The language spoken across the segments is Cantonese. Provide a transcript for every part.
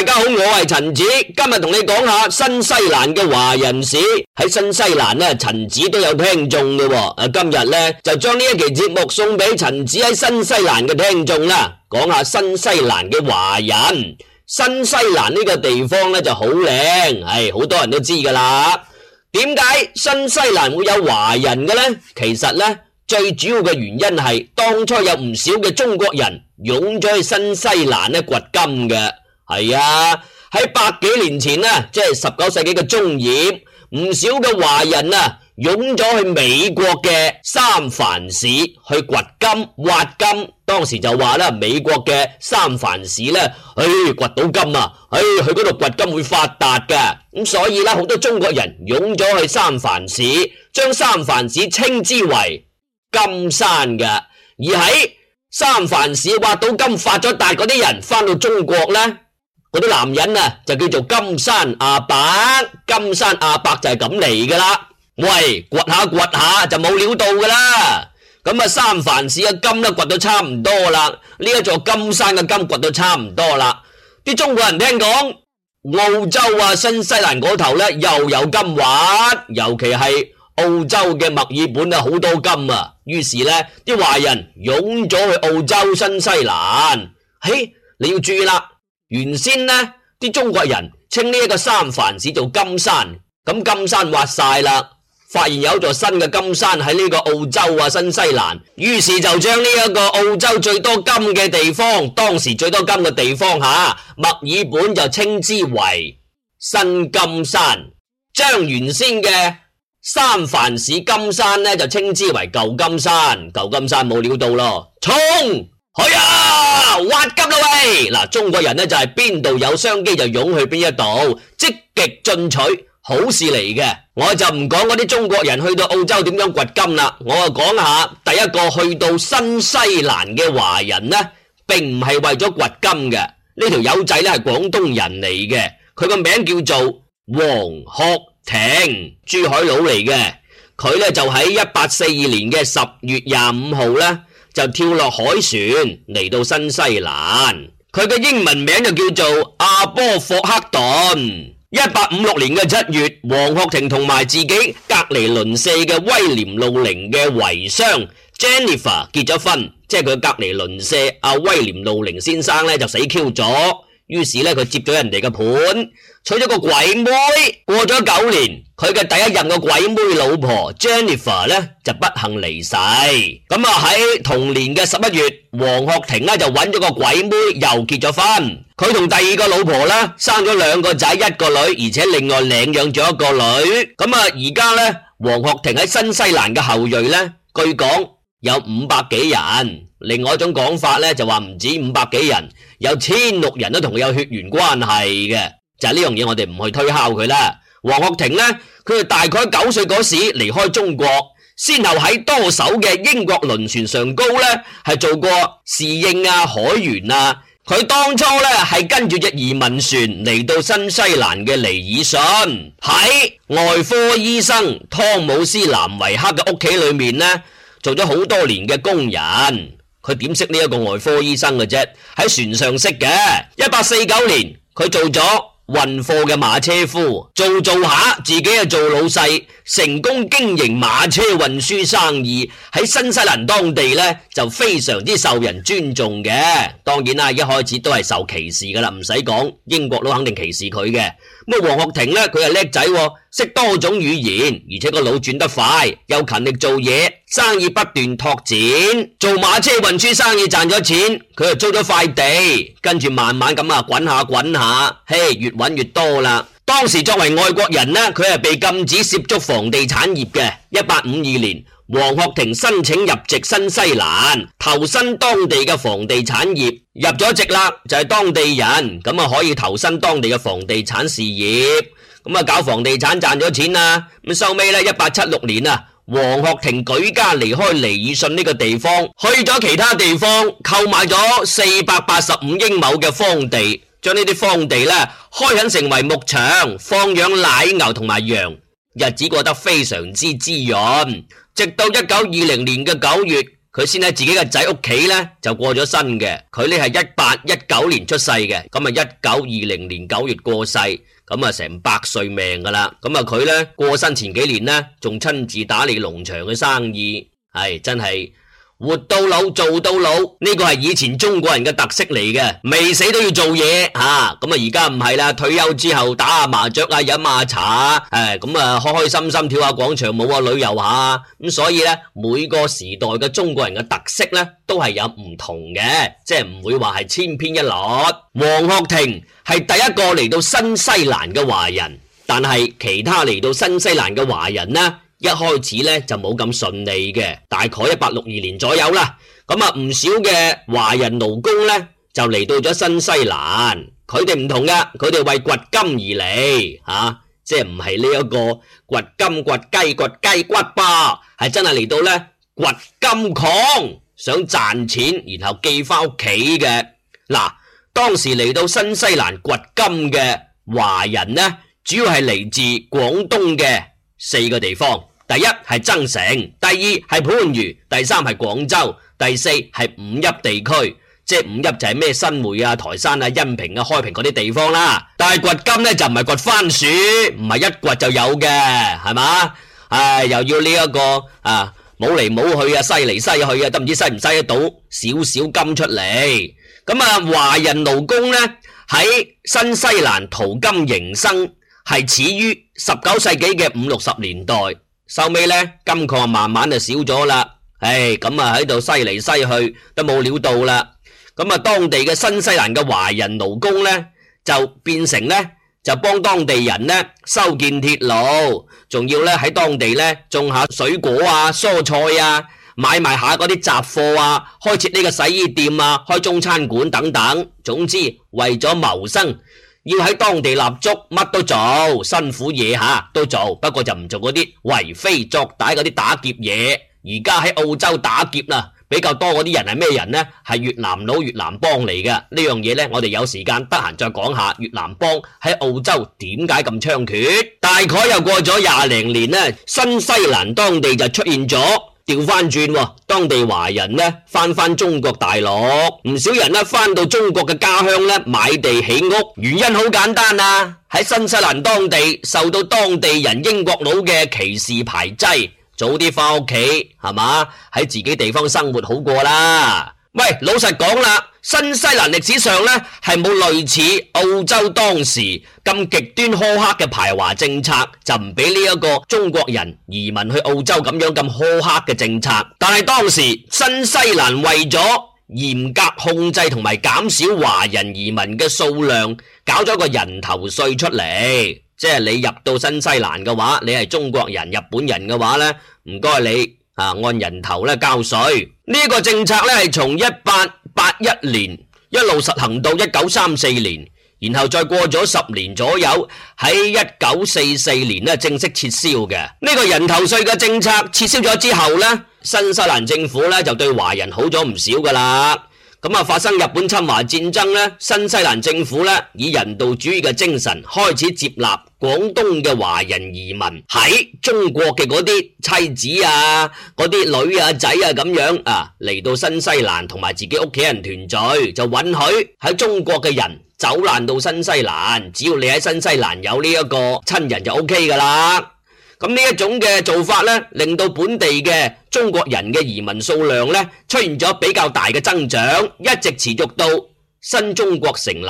大家好，我係陳子，今日同你講下新西蘭嘅華人史。喺新西蘭咧，陳子都有聽眾嘅，誒、啊，今日呢，就將呢一期節目送俾陳子喺新西蘭嘅聽眾啦，講下新西蘭嘅華人。新西蘭呢個地方呢，就好靚，誒、哎，好多人都知噶啦。點解新西蘭會有華人嘅呢？其實呢，最主要嘅原因係當初有唔少嘅中國人湧咗去新西蘭咧掘金嘅。係啊，喺百幾年前啊，即係十九世紀嘅中葉，唔少嘅華人啊，湧咗去美國嘅三藩市去掘金挖金。當時就話啦，美國嘅三藩市呢，誒、哎、掘到金啊，誒、哎、去嗰度掘金會發達嘅。咁、嗯、所以呢，好多中國人湧咗去三藩市，將三藩市稱之為金山嘅。而喺三藩市挖到金發咗達嗰啲人，返到中國呢。嗰啲男人啊，就叫做金山阿伯，金山阿伯就係咁嚟噶啦。喂，掘下掘下，下就冇料到噶啦。咁啊，三藩市嘅金都掘到差唔多啦，呢一座金山嘅金掘到差唔多啦。啲中國人聽講澳洲啊，新西蘭嗰頭呢，又有金挖，尤其係澳洲嘅墨爾本啊，好多金啊。於是呢啲華人湧咗去澳洲、新西蘭。嘿，你要注意啦。原先呢啲中國人稱呢一個三藩市做金山，咁金山挖晒啦，發現有座新嘅金山喺呢個澳洲啊、新西蘭，於是就將呢一個澳洲最多金嘅地方，當時最多金嘅地方吓墨爾本就稱之為新金山，將原先嘅三藩市金山呢就稱之為舊金山，舊金山冇料到咯，衝去啊！挖金啦喂！嗱，中國人呢就係邊度有商機就湧去邊一度，積極進取，好事嚟嘅。我就唔講嗰啲中國人去到澳洲點樣掘金啦，我就講下第一個去到新西蘭嘅華人呢，並唔係為咗掘金嘅。呢條友仔呢係廣東人嚟嘅，佢個名叫做黃鶴廷，珠海佬嚟嘅。佢呢就喺一八四二年嘅十月廿五號呢。就跳落海船嚟到新西蘭，佢嘅英文名就叫做阿波霍克頓。一八五六年嘅七月，黃鶴廷同埋自己隔籬鄰舍嘅威廉路寧嘅遺孀 Jennifer 結咗婚，即係佢隔籬鄰舍阿威廉路寧先生呢，就死 Q 咗，於是呢，佢接咗人哋嘅盤。娶咗個鬼妹，過咗九年，佢嘅第一任個鬼妹老婆 Jennifer 咧就不幸離世。咁啊喺同年嘅十一月，黃學婷呢，就揾咗個鬼妹又結咗婚。佢同第二個老婆呢，生咗兩個仔一個女，而且另外領養咗一個女。咁啊而家咧黃學婷喺新西蘭嘅後裔呢，據講有五百幾人。另外一種講法呢，就話唔止五百幾人，有千六人都同佢有血緣關係嘅。就係呢樣嘢，我哋唔去推敲佢啦。黃鶴亭咧，佢係大概九歲嗰時離開中國，先後喺多艘嘅英國輪船上高咧，係做過侍應啊、海員啊。佢當初咧係跟住隻移民船嚟到新西蘭嘅尼爾遜，喺外科醫生湯姆斯南維克嘅屋企裏面咧做咗好多年嘅工人。佢點識呢一個外科醫生嘅啫？喺船上識嘅。一八四九年，佢做咗運貨嘅馬車夫做做下，自己啊做老細，成功經營馬車運輸生意，喺新西蘭當地呢，就非常之受人尊重嘅。當然啦，一開始都係受歧視噶啦，唔使講英國佬肯定歧視佢嘅。咁啊，黃鶴亭咧，佢係叻仔，識多種語言，而且個腦轉得快，又勤力做嘢，生意不斷拓展，做馬車運輸生意賺咗錢，佢就租咗塊地，跟住慢慢咁啊滾下滾下，嘿，越搵越多啦。當時作為外國人呢，佢係被禁止涉足房地產業嘅，一八五二年。黃鶴庭申請入籍新西蘭，投身當地嘅房地產業。入咗籍啦，就係、是、當地人，咁啊可以投身當地嘅房地產事業。咁啊搞房地產賺咗錢啦。咁收尾咧，一八七六年啊，黃鶴庭舉家離開尼爾遜呢個地方，去咗其他地方，購買咗四百八十五英畝嘅荒地，將呢啲荒地呢開墾成為牧場，放養奶牛同埋羊。日子過得非常之滋潤，直到一九二零年嘅九月，佢先喺自己嘅仔屋企呢就過咗身嘅。佢呢係一八一九年出世嘅，咁啊一九二零年九月過世，咁啊成百歲命噶啦。咁啊佢呢過身前幾年呢，仲親自打理農場嘅生意，係真係。活到老做到老呢、這個係以前中國人嘅特色嚟嘅。未死都要做嘢，咁啊而家唔係啦，退休之後打下麻雀啊，飲下茶啊，咁啊開開心心跳下廣場舞啊，旅遊下咁、啊嗯、所以呢，每個時代嘅中國人嘅特色呢，都係有唔同嘅，即係唔會話係千篇一律。黃鶴庭係第一個嚟到新西蘭嘅華人，但係其他嚟到新西蘭嘅華人呢？一開始呢，就冇咁順利嘅，大概一八六二年左右啦。咁啊，唔少嘅華人勞工呢，就嚟到咗新西蘭。佢哋唔同嘅，佢哋為掘金而嚟吓、啊，即係唔係呢一個掘金掘雞掘雞，雞，雞骨吧，係真係嚟到呢掘金礦，想賺錢然後寄翻屋企嘅。嗱、啊，當時嚟到新西蘭掘金嘅華人呢，主要係嚟自廣東嘅。四個地方，第一係增城，第二係番禺，第三係廣州，第四係五邑地區。即係五邑就係咩新會啊、台山啊、恩平啊、開平嗰啲地方啦、啊。但係掘金咧就唔係掘番薯，唔係一掘就有嘅，係嘛？唉、哎，又要呢、這、一個啊，冇嚟冇去啊，西嚟西去啊，都唔知犀唔犀西唔西得到少少金出嚟。咁啊，華人勞工咧喺新西蘭淘金營生，係始於十九世紀嘅五六十年代，收尾咧金礦慢慢就少咗啦。唉，咁啊喺度西嚟西去都冇料到啦。咁啊，當地嘅新西蘭嘅華人勞工呢，就變成呢，就幫當地人呢修建鐵路，仲要呢喺當地呢種下水果啊、蔬菜啊，買埋下嗰啲雜貨啊，開設呢個洗衣店啊，開中餐館等等。總之為咗謀生。要喺當地立足，乜都做，辛苦嘢、啊、都做，不過就唔做嗰啲為非作歹嗰啲打劫嘢。而家喺澳洲打劫啦，比較多嗰啲人係咩人呢？係越南佬、越南幫嚟嘅呢樣嘢咧。我哋有時間得閒再講下越南幫喺澳洲點解咁猖獗。大概又過咗廿零年咧，新西蘭當地就出現咗。掉翻轉喎，當地華人呢翻翻中國大陸，唔少人呢翻到中國嘅家鄉呢買地起屋，原因好簡單啊，喺新西蘭當地受到當地人英國佬嘅歧視排擠，早啲翻屋企係嘛，喺自己地方生活好過啦。喂，老實講啦，新西蘭歷史上呢係冇類似澳洲當時咁極端苛刻嘅排華政策，就唔俾呢一個中國人移民去澳洲咁樣咁苛刻嘅政策。但係當時新西蘭為咗嚴格控制同埋減少華人移民嘅數量，搞咗個人頭稅出嚟，即係你入到新西蘭嘅話，你係中國人、日本人嘅話呢，唔該你按人頭嚟交稅。呢個政策呢，係從一八八一年一路實行到一九三四年，然後再過咗十年左右，喺一九四四年咧正式撤銷嘅呢、呢個人頭稅嘅政策撤銷咗之後呢，新西蘭政府呢，就對華人好咗唔少噶啦。咁啊，發生日本侵華戰爭呢，新西蘭政府呢，以人道主義嘅精神開始接納。廣東嘅華人移民喺中國嘅嗰啲妻子啊、嗰啲女啊、仔啊咁樣啊嚟到新西蘭同埋自己屋企人團聚，就允許喺中國嘅人走難到新西蘭，只要你喺新西蘭有呢一個親人就 OK 噶啦。咁、嗯、呢一種嘅做法咧，令到本地嘅中國人嘅移民數量咧出現咗比較大嘅增長，一直持續到新中國成立。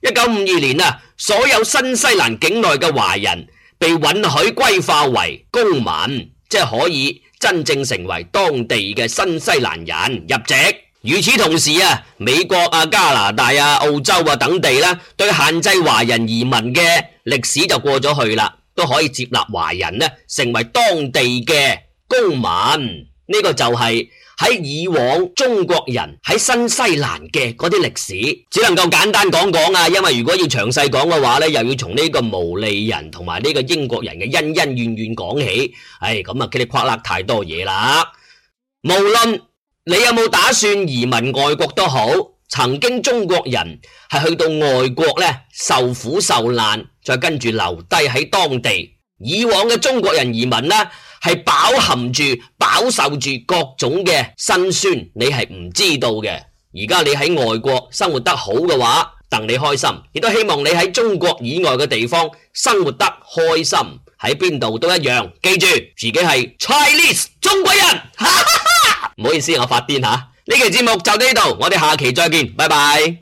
一九五二年啊，所有新西蘭境內嘅華人被允許歸化為公民，即係可以真正成為當地嘅新西蘭人入籍。與此同時啊，美國啊、加拿大啊、澳洲啊等地啦，對限制華人移民嘅歷史就過咗去啦，都可以接納華人咧成為當地嘅公民。呢個就係喺以往中國人喺新西蘭嘅嗰啲歷史，只能夠簡單講講啊，因為如果要詳細講嘅話呢，又要從呢個毛利人同埋呢個英國人嘅恩恩怨怨講起，唉、哎，咁啊，佢哋跨咗太多嘢啦。無論你有冇打算移民外國都好，曾經中國人係去到外國呢，受苦受難，再跟住留低喺當地，以往嘅中國人移民呢。係飽含住、飽受住各種嘅辛酸，你係唔知道嘅。而家你喺外國生活得好嘅話，戥你開心，亦都希望你喺中國以外嘅地方生活得開心，喺邊度都一樣。記住自己係 Chinese 中國人，唔 好意思，我發癲吓。呢期節目就到呢度，我哋下期再見，拜拜。